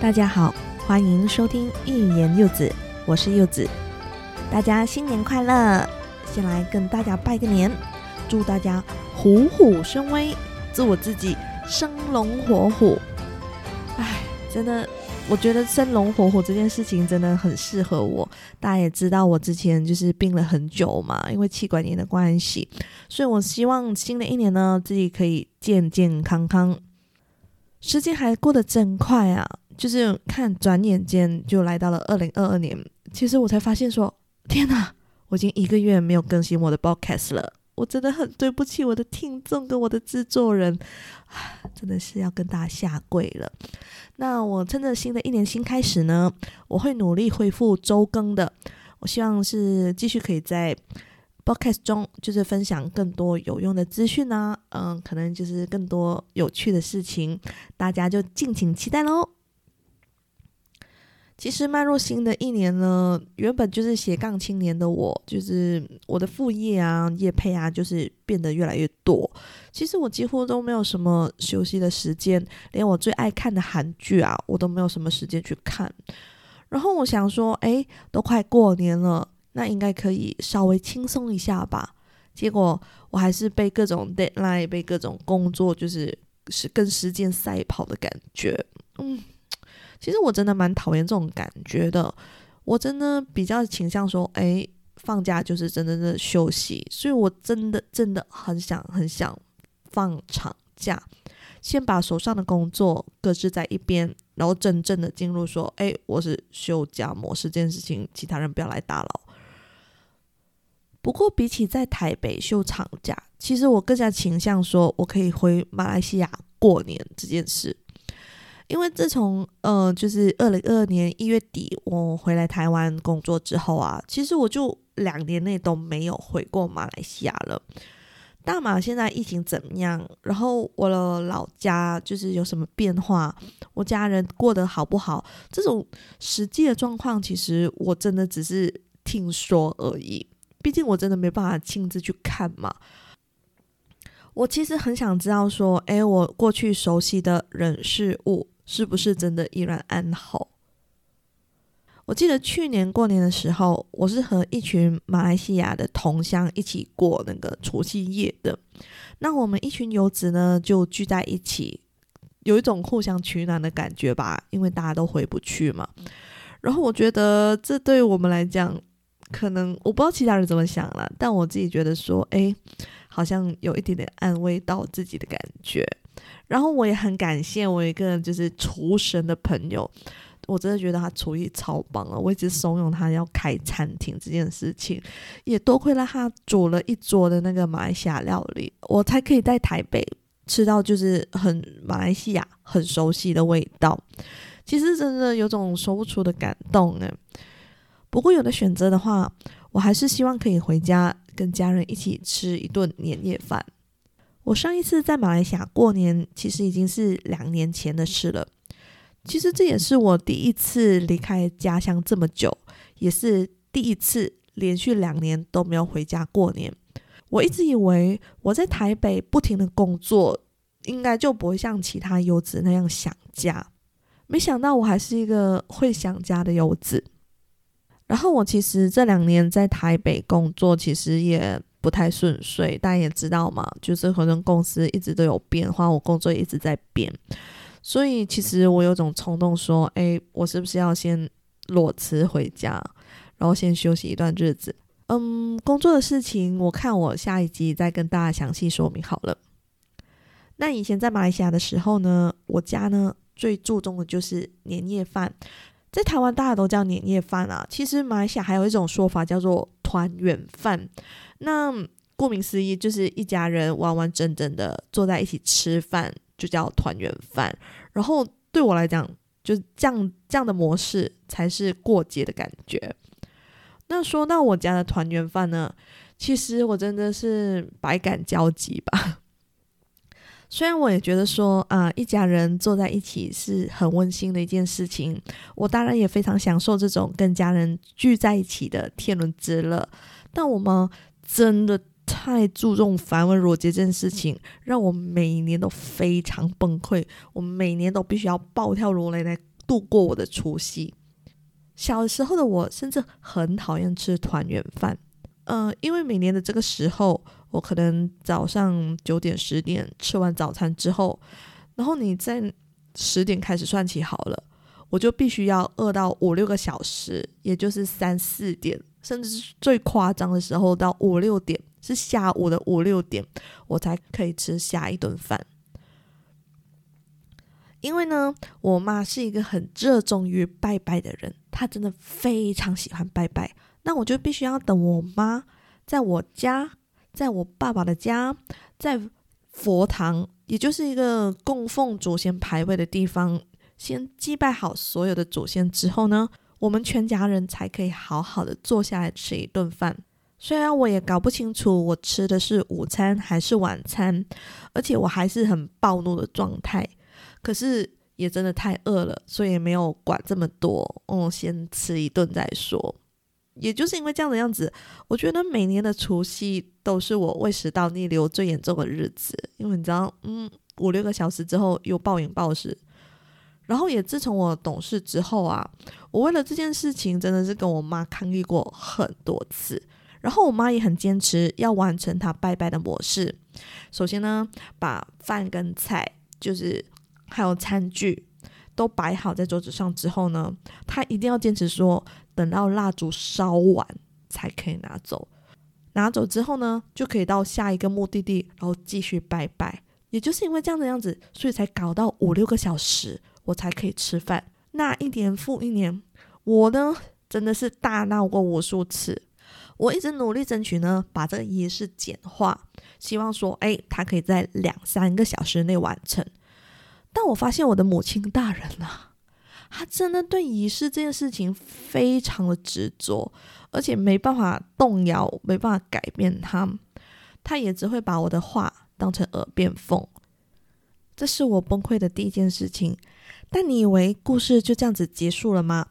大家好，歡迎收聽欲言又止，我是柚子。大家新年快樂！先來跟大家拜個年，祝大家虎虎生威，祝我自己生龍活虎。哎，真的，我覺得生龍活虎這件事情真的很適合我。大家也知道，我之前就是病了很久嘛，因為氣管炎的關係，所以我希望新的一年呢，自己可以健健康康。時間還過得真快啊！就是看，轉眼間就來到了二零二二年。其實我才發現說，說天哪，我已經一個月沒有更新我的 podcast 了。我真的很對不起我的聽眾跟我的制作人，真的是要跟大家下跪了。那我趁着新的一年新開始呢，我會努力恢復週更的。我希望是繼續可以在 podcast 中，就是分享更多有用的資訊啊，嗯，可能就是更多有趣的事情，大家就敬請期待嘍。其實邁入新的一年呢，原本就是斜槓青年的我，就是我的副業啊、業配啊，就是變得越來越多。其實我幾乎都沒有什麼休息的時間，連我最愛看的韓劇啊，我都沒有什麼時間去看。然後我想說，哎，都快過年了，那應該可以稍微輕鬆一下吧？結果我還是被各種 deadline，被各種工作，就是是跟時間賽跑的感覺。嗯。其實我真的蠻討厭這種感覺的，我真的比較傾向說，哎，放假就是真正的休息，所以我真的真的很想很想放長假，先把手上的工作擱置在一邊，然後真正的進入說，哎，我是休假模式這件事情，其他人不要來打擾。不過比起在台北休長假，其實我更加傾向說我可以回馬來西亞過年這件事。因為自從呃，就是二零二二年一月底我回來臺灣工作之後啊，其實我就兩年內都沒有回過馬來西亞了。大馬現在疫情怎麼樣？然後我的老家就是有什麼變化？我家人過得好不好？這種實際的狀況，其實我真的只是聽說而已。畢竟我真的沒辦法親自去看嘛。我其實很想知道，說，誒，我過去熟悉的人事物。是不是真的依然安好？我記得去年過年的時候，我是和一群馬來西亞的同鄉一起過那個除夕夜的。那我們一群游子呢，就聚在一起，有一種互相取暖的感覺吧，因為大家都回不去嘛。然後我覺得這對我們來講，可能我不知道其他人怎麼想了，但我自己覺得說，誒，好像有一點點安慰到自己的感覺。然後我也很感謝我一個就是廚神的朋友，我真的覺得他廚藝超棒了啊。我一直慫恿他要開餐廳這件事情，也多虧了他煮了一桌的那個馬來西亞料理，我才可以在台北吃到就是很馬來西亞很熟悉的味道。其實真的有種說不出的感動呢。不過有的選擇的話，我還是希望可以回家跟家人一起吃一頓年夜飯。我上一次在馬來西亞過年，其實已經是兩年前的事了。其實這也是我第一次離開家鄉這麼久，也是第一次連續兩年都沒有回家過年。我一直以為我在台北不停地工作，應該就不會像其他遊子那樣想家。沒想到我還是一個會想家的遊子。然後我其實這兩年在台北工作，其實也，不太順遂，大家也知道嘛，就是可能公司一直都有變化，我工作一直在變，所以其實我有種衝動說，哎、欸，我是不是要先裸辭回家，然後先休息一段日子？嗯，工作的事情，我看我下一集再跟大家詳細說明好了。那以前在馬來西亞的時候呢，我家呢最注重的就是年夜飯，在台灣大家都叫年夜飯啊，其實馬來西亞還有一種說法叫做，團圓飯，那顧名思義就是一家人完完整整的坐在一起吃飯，就叫團圓飯。然後對我來講，就是這樣這樣的模式才是過節的感覺。那說到我家的團圓飯呢，其實我真的是百感交集吧。雖然我也覺得說，啊、呃，一家人坐在一起是很溫馨的一件事情，我當然也非常享受這種跟家人聚在一起的天倫之樂。但我們真的太注重繁文縟節這件事情，讓我每年都非常崩潰。我每年都必須要暴跳如雷來，來度過我的除夕。小時候的我甚至很討厭吃團圓飯，嗯、呃，因為每年的這個時候。我可能早上九點十點吃完早餐之後，然後你在十點開始算起好了，我就必須要餓到五六個小時，也就是三四點，甚至是最誇張的時候到五六點，是下午的五六點，我才可以吃下一頓飯。因為呢，我媽是一個很熱衷於拜拜的人，她真的非常喜歡拜拜，那我就必須要等我媽在我家，在我爸爸的家，在佛堂，也就是一個供奉祖先牌位的地方，先祭拜好所有的祖先之後呢，我們全家人才可以好好的坐下來吃一頓飯。雖然我也搞不清楚我吃的是午餐還是晚餐，而且我還是很暴怒的狀態，可是也真的太餓了，所以也沒有管這麼多，嗯，先吃一頓再說。也就是因為這樣的樣子，我覺得每年的除夕都是我胃食道逆流最嚴重的日子。因為你知道，嗯，五六個小時之後又暴飲暴食，然後也自從我懂事之後啊，我為了這件事情真的是跟我媽抗議過很多次，然後我媽也很堅持要完成她拜拜的模式。首先呢，把飯跟菜，就是還有餐具。都擺好在桌子上之後呢，他一定要堅持說，等到蠟燭燒完才可以拿走。拿走之後呢，就可以到下一個目的地，然後繼續拜拜。也就是因為這樣的樣子，所以才搞到五六個小時，我才可以吃飯。那一年復一年，我呢真的是大鬧過無數次。我一直努力爭取呢，把這個儀式簡化，希望說，哎，他可以在兩三個小時內完成。但我發現我的母親大人呢、啊，她真的對儀式這件事情非常的執着，而且沒辦法動搖，沒辦法改變她。她也只會把我的話當成耳邊風。這是我崩潰的第一件事情。但你以為故事就這樣子結束了嗎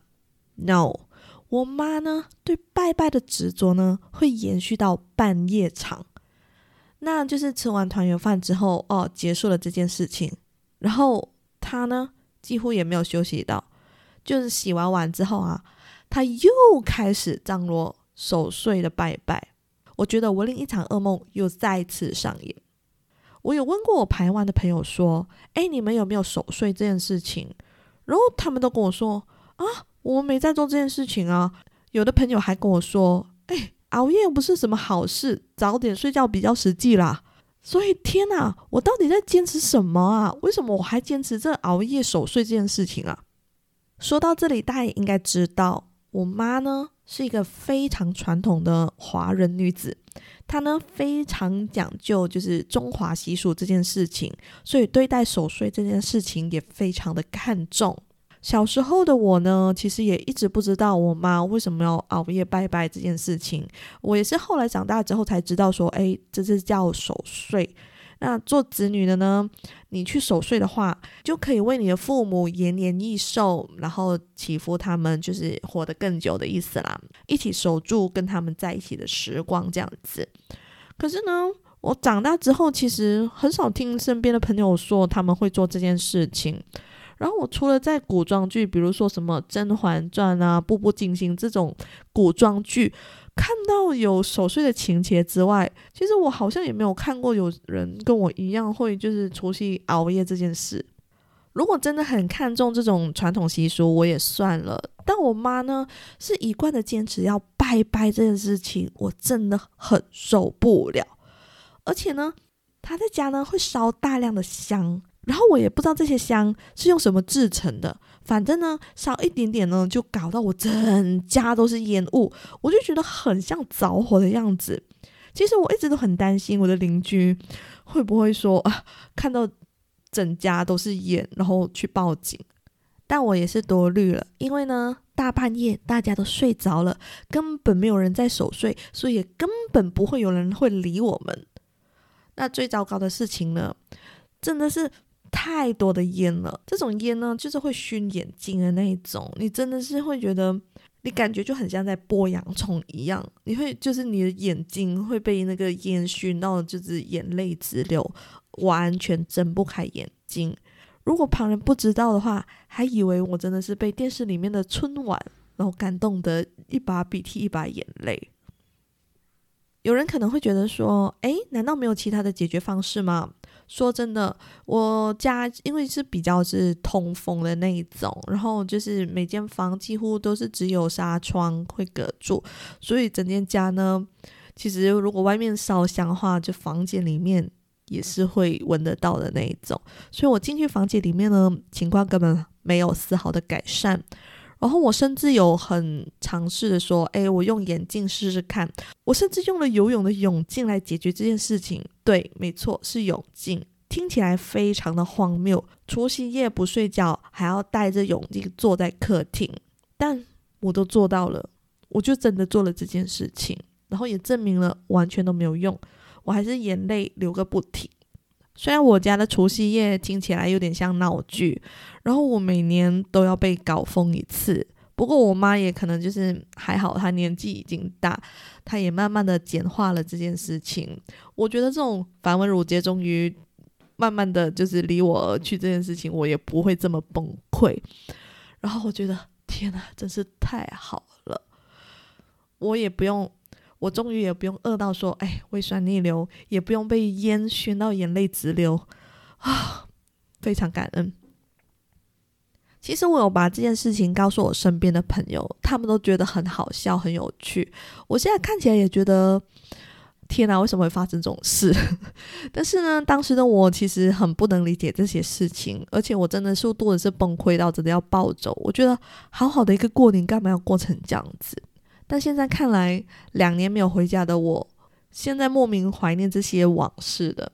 ？No，我媽呢對拜拜的執着呢會延續到半夜場，那就是吃完團圓飯之後哦，結束了這件事情。然後他呢，幾乎也沒有休息到，就是洗完碗之後啊，他又開始張羅守歲的拜拜。我覺得我另一場噩夢又再次上演。我有問過我台灣的朋友說：“哎，你們有沒有守歲這件事情？”然後他們都跟我說：“啊，我們沒在做這件事情啊。”有的朋友還跟我說：“哎，熬夜不是什麼好事，早點睡覺比較實際啦。”所以天吶，我到底在堅持什麼啊？為什麼我還堅持著熬夜守歲這件事情啊？說到這裡，大家也應該知道，我媽呢是一個非常傳統的華人女子，她呢非常講究就是中華習俗這件事情，所以對待守歲這件事情也非常的看重。小時候的我呢，其實也一直不知道我媽為什麼要熬夜拜拜這件事情。我也是後來長大之後才知道，說，誒，這是叫守歲。那做子女的呢，你去守歲的話，就可以為你的父母延年益壽，然後祈福他們就是活得更久的意思啦，一起守住跟他們在一起的時光這樣子。可是呢，我長大之後，其實很少聽身邊的朋友說他們會做這件事情。然後我除了在古裝劇，比如說什麼《甄嬛傳》啊、《步步驚心》這種古裝劇，看到有守歲的情節之外，其實我好像也沒有看過有人跟我一樣會就是除夕熬夜這件事。如果真的很看重這種傳統習俗，我也算了。但我媽呢，是一貫的堅持要拜拜這件事情，我真的很受不了。而且呢，她在家呢會燒大量的香。然後我也不知道這些香是用什麼製成的，反正呢，燒一點點呢，就搞到我整家都是煙霧，我就覺得很像着火的樣子。其實我一直都很擔心我的鄰居會不會說，啊，看到整家都是煙，然後去報警。但我也是多慮了，因為呢，大半夜大家都睡着了，根本沒有人在守歲，所以根本不會有人會理我們。那最糟糕的事情呢，真的是。太多的煙了，這種煙呢，就是會燻眼睛的那一種。你真的是會覺得，你感覺就很像在剝洋蔥一樣，你會就是你的眼睛會被那個煙燻到，就是眼淚直流，完全睜不開眼睛。如果旁人不知道的話，還以為我真的是被電視裡面的春晚，然後感動得一把鼻涕一把眼淚。有人可能會覺得說，誒，難道沒有其他的解決方式嗎？說真的，我家因為是比較是通風的那一種，然後就是每間房幾乎都是只有紗窗會隔住，所以整間家呢，其實如果外面燒香的話，就房間裡面也是會聞得到的那一種，所以我進去房間裡面呢，情況根本沒有絲毫的改善。然後我甚至有很嘗試的說，哎，我用眼鏡試試看。我甚至用了游泳的泳鏡來解決這件事情。對，沒錯，是泳鏡，聽起來非常的荒謬。除夕夜不睡覺，還要戴着泳鏡坐在客廳，但我都做到了，我就真的做了這件事情，然後也證明了完全都沒有用，我還是眼淚流個不停。雖然我家的除夕夜聽起來有點像鬧劇，然後我每年都要被搞瘋一次。不過我媽也可能就是還好，她年紀已經大，她也慢慢的簡化了這件事情。我覺得這種繁文縟節終於慢慢的就是離我而去這件事情，我也不會這麼崩潰。然後我覺得天哪，真是太好了，我也不用。我終於也不用餓到說，哎，胃酸逆流，也不用被煙熏到眼淚直流，啊，非常感恩。其實我有把這件事情告訴我身邊的朋友，他們都覺得很好笑、很有趣。我現在看起來也覺得，天哪，為什麼會發生這種事？但是呢，當時的我其實很不能理解這些事情，而且我真的是多的是崩潰到真的要暴走。我覺得好好的一個過年，幹嘛要過成這樣子？但現在看來，兩年沒有回家的我，現在莫名懷念這些往事的，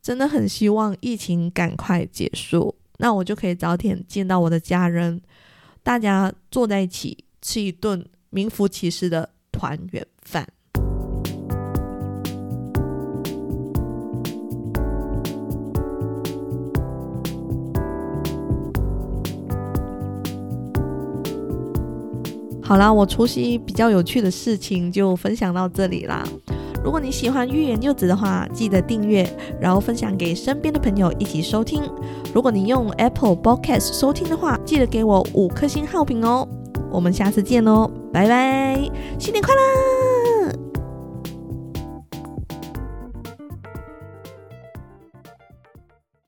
真的很希望疫情趕快結束，那我就可以早點見到我的家人，大家坐在一起吃一頓名副其實的團圓飯。好啦，我除夕比較有趣的事情就分享到這裡啦。如果你喜歡欲言又止的話，記得訂閱，然後分享給身邊的朋友一起收聽。如果你用 Apple Podcast 收聽的話，記得給我五顆星好評哦、喔。我們下次見囉，拜拜，新年快樂！